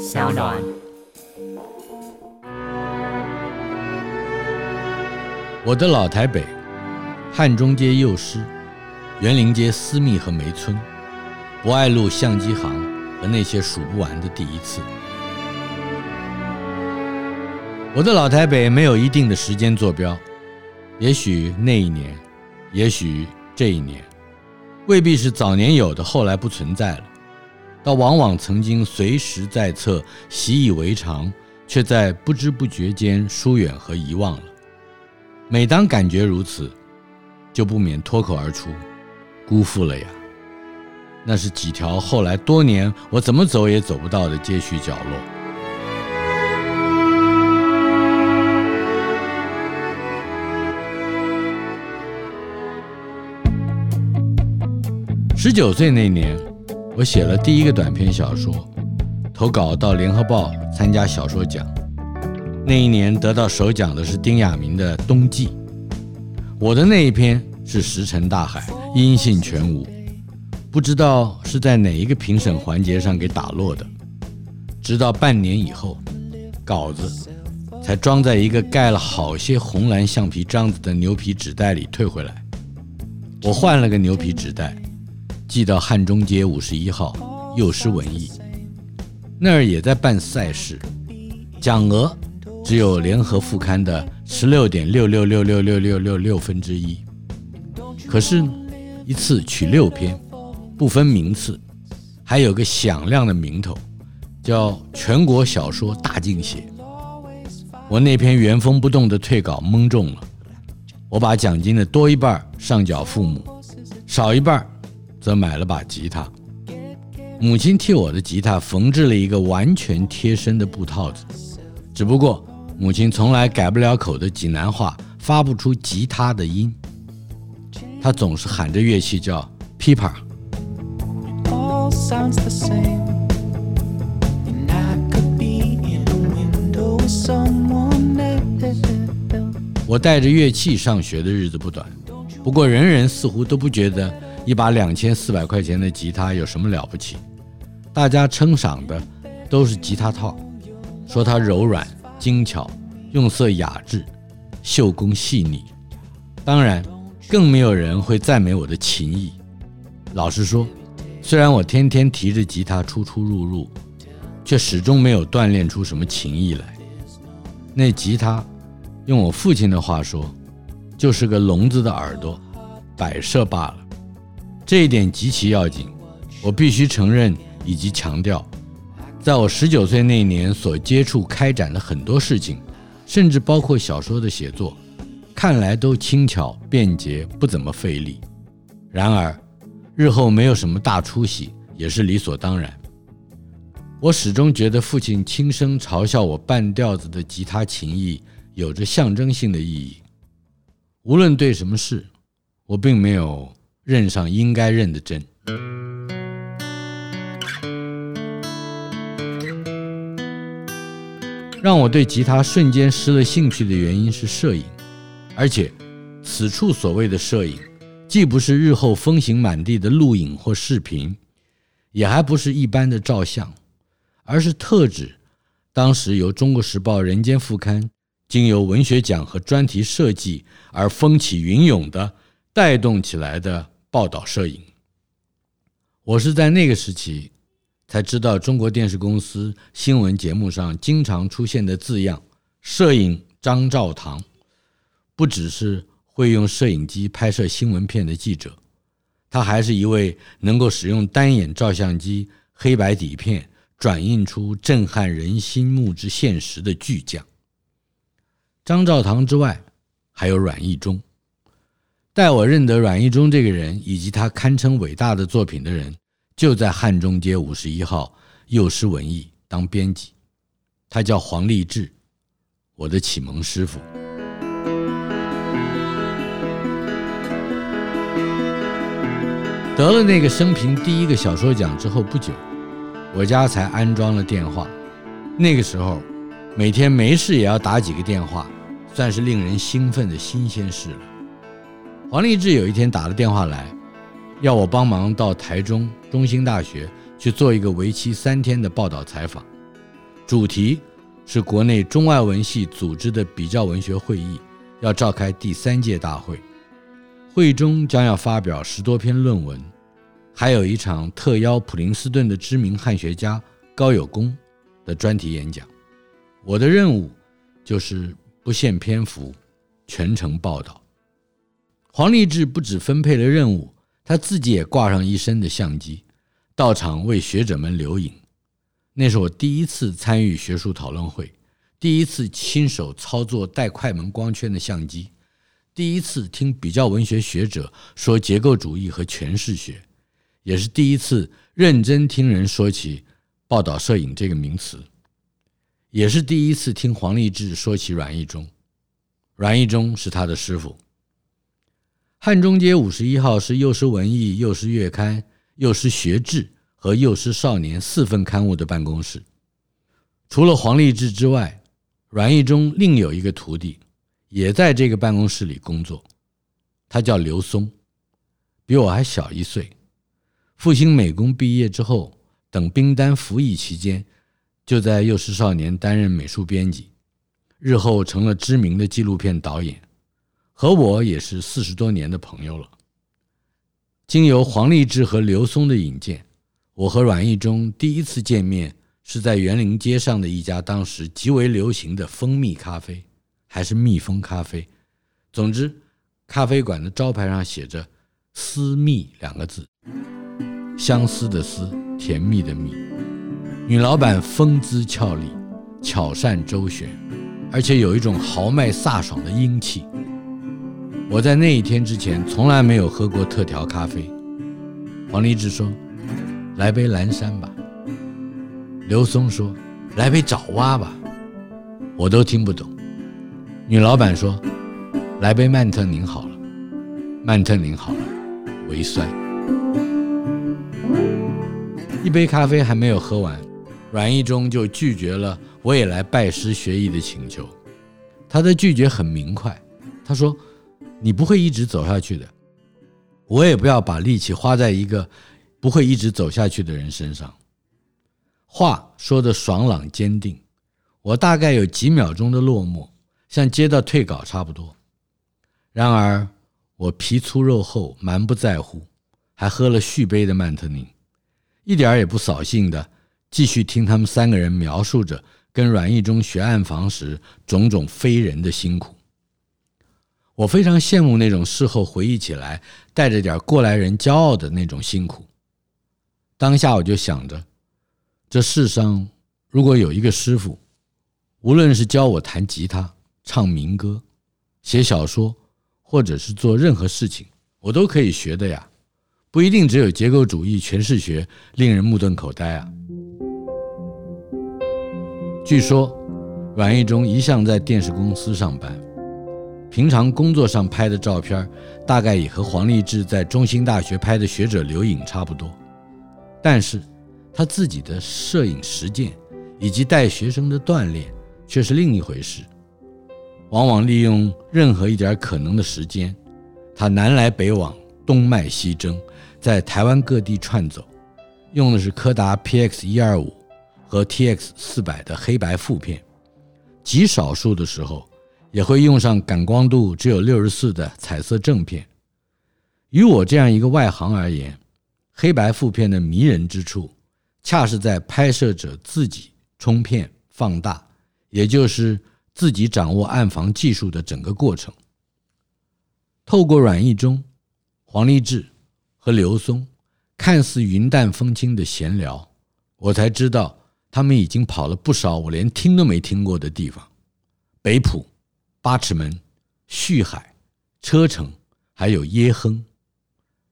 SoundOn 我的老台北，漢中街幼獅，沅陵街思蜜和梅村，博愛路相機行和那些數不完的第一次。我的老台北沒有一定的時間坐標，也許那一年，也許這一年，未必是早年有的，後來不存在了。倒往往曾經隨時在側，習以為常，卻在不知不覺間疏遠和遺忘了。每當感覺如此，就不免脫口而出：“辜負了呀！”那是幾條後來多年我怎麼走也走不到的街區角落。十九歲那年。我寫了第一個短篇小說，投稿到《聯合報》參加小說獎。那一年得到首獎的是丁亞明的《冬季》，我的那一篇是石沉大海，音信全無。不知道是在哪一個評審環節上給打落的。直到半年以後，稿子才裝在一個蓋了好些紅藍橡皮章子的牛皮紙袋裡退回來。我換了個牛皮紙袋。寄到漢中街五十一號幼獅文藝那兒也在辦賽事，獎額只有聯合副刊的十六點六六六六六六六六分之一，可是一次取六篇，不分名次，還有個響亮的名頭，叫全國小說大競寫。我那篇原封不動的退稿蒙中了，我把獎金的多一半上繳父母，少一半。則買了把吉他，母親替我的吉他縫製了一個完全貼身的布套子，只不過母親從來改不了口的濟南話發不出吉他的音，她總是喊着樂器叫琵琶。我帶着樂器上學的日子不短，不過人人似乎都不覺得。一把兩千四百塊錢的吉他有什麼了不起？大家稱賞的都是吉他套，說它柔軟、精巧、用色雅致、繡工細膩。當然，更沒有人會讚美我的琴藝。老實說，雖然我天天提着吉他出出入入，卻始終沒有鍛鍊出什麼琴藝來。那吉他，用我父親的話說，就是個聾子的耳朵，擺設罷了。這一點極其要緊，我必須承認以及強調，在我十九歲那年所接觸開展的很多事情，甚至包括小說的寫作，看來都輕巧便捷，不怎麼費力。然而，日後沒有什麼大出息也是理所當然。我始終覺得父親輕聲嘲笑我半吊子的吉他琴藝有着象徵性的意義。無論對什麼事，我並沒有。認上應該認得真。讓我對吉他瞬間失了興趣的原因是攝影，而且此處所謂的攝影，既不是日後風行滿地的錄影或視頻，也還不是一般的照相，而是特指當時由中國時報人間副刊經由文學獎和專題設計而風起雲湧地帶動起來的。報道攝影，我是在那個時期才知道中國電視公司新聞節目上經常出現的字樣“攝影張照堂”，不只是會用攝影機拍攝新聞片的記者，他還是一位能夠使用單眼照相機、黑白底片轉印出震撼人心目之現實的巨匠。張照堂之外，還有阮義忠。帶我認得阮義忠這個人以及他堪稱偉大的作品的人，就在漢中街五十一號幼獅文藝當編輯，他叫黃力智，我的啟蒙師傅。得了那個生平第一個小說獎之後不久，我家才安裝了電話，那個時候每天沒事也要打幾個電話，算是令人興奮的新鮮事了。黃力智有一天打了電話來，要我幫忙到台中中興大學去做一個為期三天的報道採訪，主題是國內中外文系組織的比較文學會議要召開第三屆大會，會中將要發表十多篇論文，還有一場特邀普林斯頓的知名漢學家高友工的專題演講。我的任務就是不限篇幅，全程報道黃力智不止分配了任務，他自己也掛上一身的相機，到場為學者們留影。那是我第一次參與學術討論會，第一次親手操作帶快門光圈的相機，第一次聽比較文學學者說結構主義和詮釋學，也是第一次認真聽人說起報道攝影這個名詞，也是第一次聽黃力智說起阮義忠，阮義忠是他的師傅。漢中街五十一號是《幼獅文藝》《幼獅月刊》《幼獅學誌》和《幼獅少年》四份刊物的辦公室。除了黃力智之外，阮義忠另有一個徒弟，也在這個辦公室裡工作。他叫劉松，比我還小一歲。復興美工畢業之後，等兵單服役期間，就在《幼獅少年》擔任美術編輯，日後成了知名的紀錄片導演。和我也是四十多年的朋友了。經由黃力智和劉松的引薦，我和阮義忠第一次見面是在沅陵街上的一家當時極為流行的蜂蜜咖啡，還是蜜蜂咖啡？總之，咖啡館的招牌上寫着“思蜜”兩個字，相思的思，甜蜜的蜜。女老闆風姿俏麗，巧善周旋，而且有一種豪邁颯爽的英氣。我在那一天之前從來沒有喝過特調咖啡。黃力智說：“來杯藍山吧。”劉松說：“來杯爪哇吧。”我都聽不懂。女老板說：“來杯曼特寧好了。”曼特寧好了，微酸。一杯咖啡還沒有喝完，阮義忠就拒絕了我也來拜師學藝的請求。他的拒絕很明快，他說。你不會一直走下去的，我也不要把力氣花在一個不會一直走下去的人身上。話說的爽朗堅定，我大概有幾秒鐘的落寞，像接到退稿差不多。然而我皮粗肉厚，蠻不在乎，還喝了續杯的曼特寧，一點兒也不掃興的繼續聽他們三個人描述着跟阮義忠學暗房時種種非人的辛苦。我非常羨慕那種事後回憶起來帶着點過來人驕傲的那種辛苦。當下我就想着，這世上如果有一個師傅，無論是教我彈吉他、唱民歌、寫小說，或者是做任何事情，我都可以學的呀。不一定只有結構主義詮釋學，令人目瞪口呆啊。據說，阮義忠一向在電視公司上班。平常工作上拍的照片，大概也和黃力智在中興大學拍的學者留影差不多，但是他自己的攝影實踐，以及帶學生的鍛鍊卻是另一回事。往往利用任何一點可能的時間，他南來北往，東脈西征，在台灣各地串走，用的是柯達 PX 一二五和 TX 四百的黑白負片，極少數的時候。也會用上感光度只有六十四的彩色正片。於我這樣一個外行而言，黑白負片的迷人之處，恰是在拍攝者自己沖片、放大，也就是自己掌握暗房技術的整個過程。透過阮義忠、黃力智和劉松看似雲淡風輕的閒聊，我才知道他們已經跑了不少我連聽都沒聽過的地方——北埔。八尺門、旭海、車城，還有耶亨，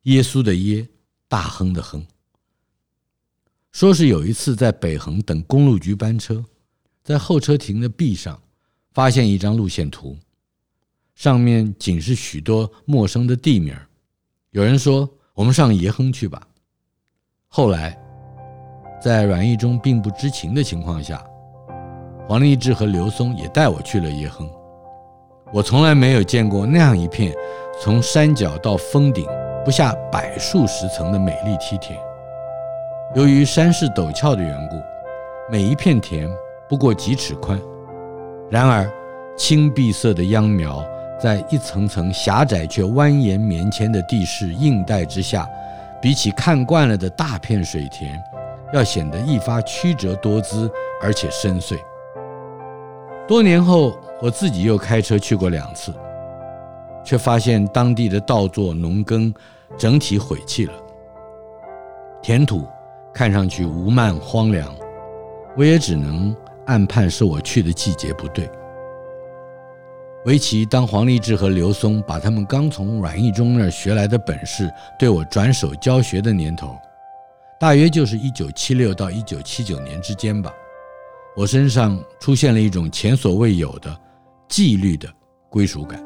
耶穌的耶，大亨的亨。說是有一次在北橫等公路局班車，在候車亭的壁上發現一張路線圖，上面僅是許多陌生的地名。有人說：“我們上耶亨去吧。”後來，在阮義忠並不知情的情況下，黃力智和劉松也帶我去了耶亨。我從來沒有見過那樣一片從山腳到峰頂不下百數十層的美麗梯田。由於山勢陡峭的緣故，每一片田不過幾尺寬。然而，青碧色的秧苗在一層層狹窄卻蜿蜒綿延的地勢映帶之下，比起看慣了的大片水田，要顯得一發曲折多姿，而且深邃。多年後，我自己又開車去過兩次，卻發現當地的稻作農耕整體毀棄了，田土看上去無漫荒涼，我也只能暗判是我去的季節不對。圍棋當黃立志和劉松把他們剛從阮義忠那兒學來的本事對我轉手教學的年頭，大約就是一九七六到一九七九年之間吧。我身上出現了一種前所未有的紀律的歸屬感，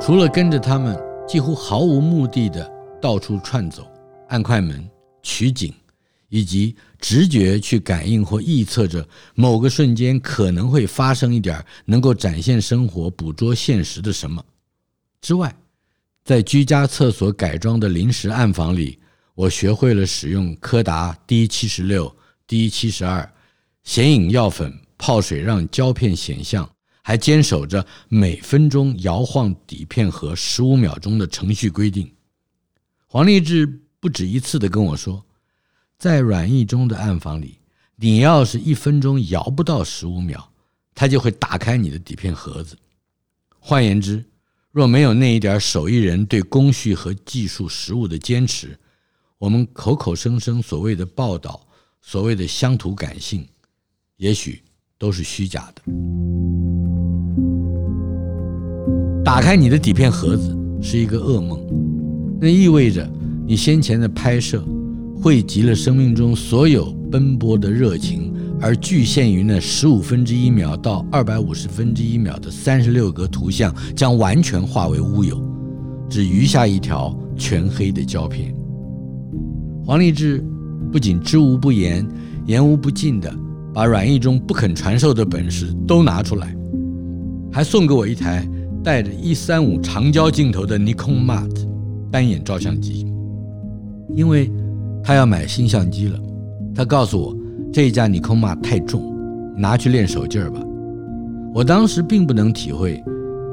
除了跟着他們幾乎毫無目的的到處串走、按快門、取景，以及直覺去感應或臆測着某個瞬間可能會發生一點能夠展現生活、捕捉現實的什麼之外。在居家廁所改裝的臨時暗房裡，我學會了使用柯達 D 七十六、D 七十二顯影藥粉泡水讓膠片顯像，還堅守着每分鐘搖晃底片盒十五秒鐘的程序規定。黃力智不止一次的跟我說，在阮義忠的暗房裡，你要是一分鐘搖不到十五秒，他就會打開你的底片盒子。換言之，若沒有那一點手藝人對工序和技術實務的堅持，我們口口聲聲所謂的報道、所謂的鄉土感性，也許都是虛假的。打開你的底片盒子是一個噩夢，那意味着你先前的拍攝匯集了生命中所有奔波的熱情。而侷限於那十五分之一秒到二百五十分之一秒的三十六格圖像，將完全化為烏有，只餘下一條全黑的膠片。黃力智不僅知無不言、言無不盡的把軟玉中不肯傳授的本事都拿出來，還送給我一台帶着一三五長焦鏡頭的 Nikon Mat 單眼照相機，因為他要買新相機了，他告訴我。這一架尼康嘛太重，拿去練手勁兒吧。我當時並不能體會，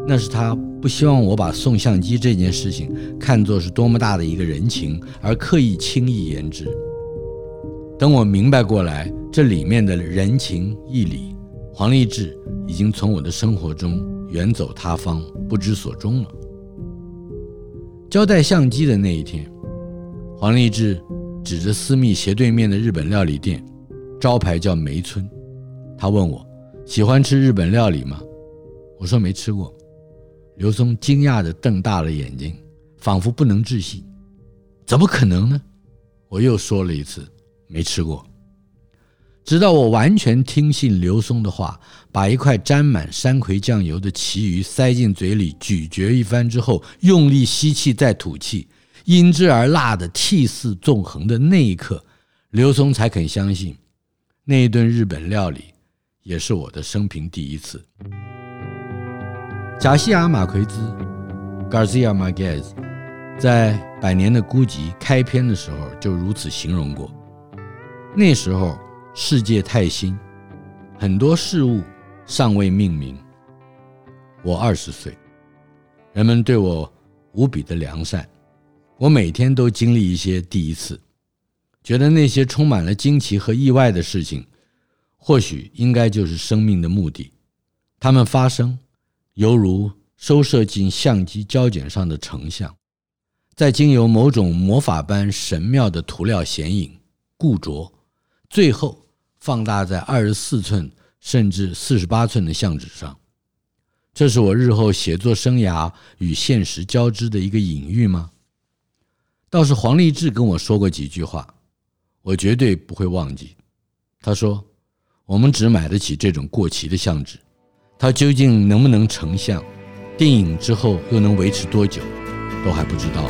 那是他不希望我把送相機這件事情看作是多麼大的一個人情，而刻意輕易言之。等我明白過來，這裡面的人情義理，黃力智已經從我的生活中遠走他方，不知所終了。交代相機的那一天，黃力智指着思蜜斜對面的日本料理店。招牌叫梅村，他問我喜歡吃日本料理嗎？我說沒吃過。劉松驚訝地瞪大了眼睛，仿佛不能置信：“怎麼可能呢？”我又說了一次，沒吃過。直到我完全聽信劉松的話，把一塊沾滿山葵醬油的旗魚塞進嘴裡咀嚼一番之後，用力吸氣再吐氣，因之而辣的涕泗縱橫的那一刻，劉松才肯相信。那一頓日本料理，也是我的生平第一次。賈西亞·馬奎茲 g a r c i a m a r q u e z 在《百年的孤寂》開篇的時候就如此形容過：那時候世界太新，很多事物尚未命名。我二十歲，人們對我無比的良善，我每天都經歷一些第一次。覺得那些充滿了驚奇和意外的事情，或許應該就是生命的目的。它們發生，猶如收攝進相機膠卷上的成像，再經由某種魔法般神妙的塗料顯影、固着，最後放大在二十四寸甚至四十八寸的相紙上。這是我日後寫作生涯與現實交織的一個隱喻嗎？倒是黃力智跟我說過幾句話。我絕對不會忘記，他說：“我們只買得起這種過期的相紙，它究竟能不能成像，電影之後又能維持多久，都還不知道。”